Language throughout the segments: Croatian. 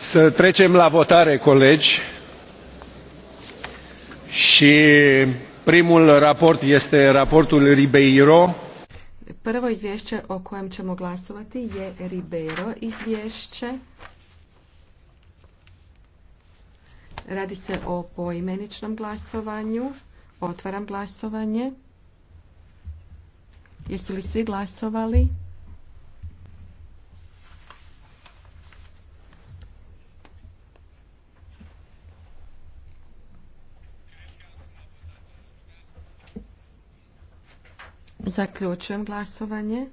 Să trecem la votare, colegi. Și primul raport este raportul Ribeiro. Prvo izvješće o kojem ćemo glasovati je Ribeiro izvješće. Radi se o poimeničnom glasovanju. Otvaram glasovanje. Jesu li svi glasovali? Zaključujem glasovanje.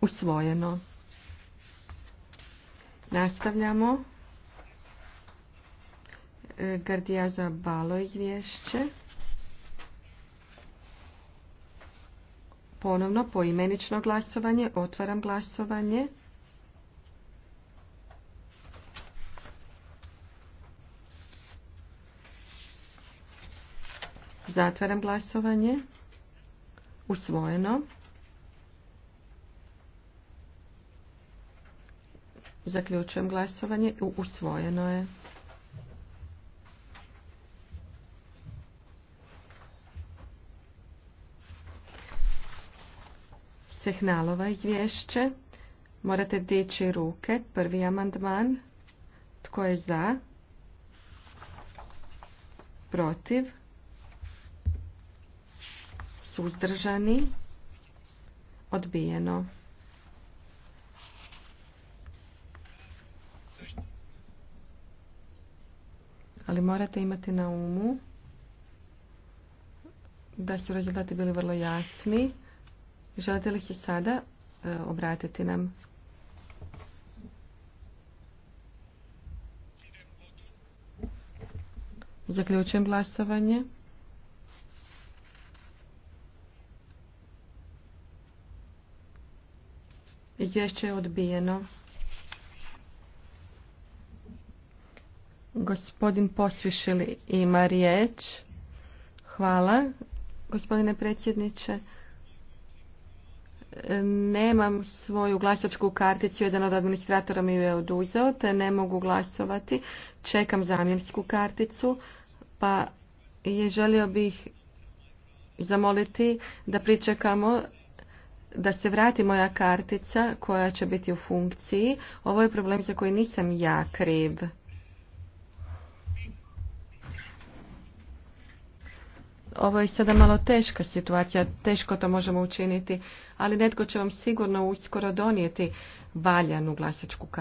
Usvojeno. Nastavljamo. E, Gardija za balo izvješće. Ponovno poimenično glasovanje. Otvaram glasovanje. Zatvaram glasovanje. Usvojeno. Zaključujem glasovanje. Usvojeno je. Sehnalova izvješće. Morate dići ruke. Prvi amandman. Tko je za? Protiv? suzdržani, odbijeno. ali morate imati na umu da su rezultati bili vrlo jasni. Želite li se sada e, obratiti nam? Zaključujem glasovanje. Izvješće je odbijeno. Gospodin Posvišili ima riječ. Hvala, gospodine predsjedniče. Nemam svoju glasačku karticu, jedan od administratora mi ju je oduzeo, te ne mogu glasovati. Čekam zamjensku karticu, pa je želio bih zamoliti da pričekamo da se vrati moja kartica koja će biti u funkciji. Ovo je problem za koji nisam ja kriv. Ovo je sada malo teška situacija, teško to možemo učiniti, ali netko će vam sigurno uskoro donijeti valjanu glasačku kartu.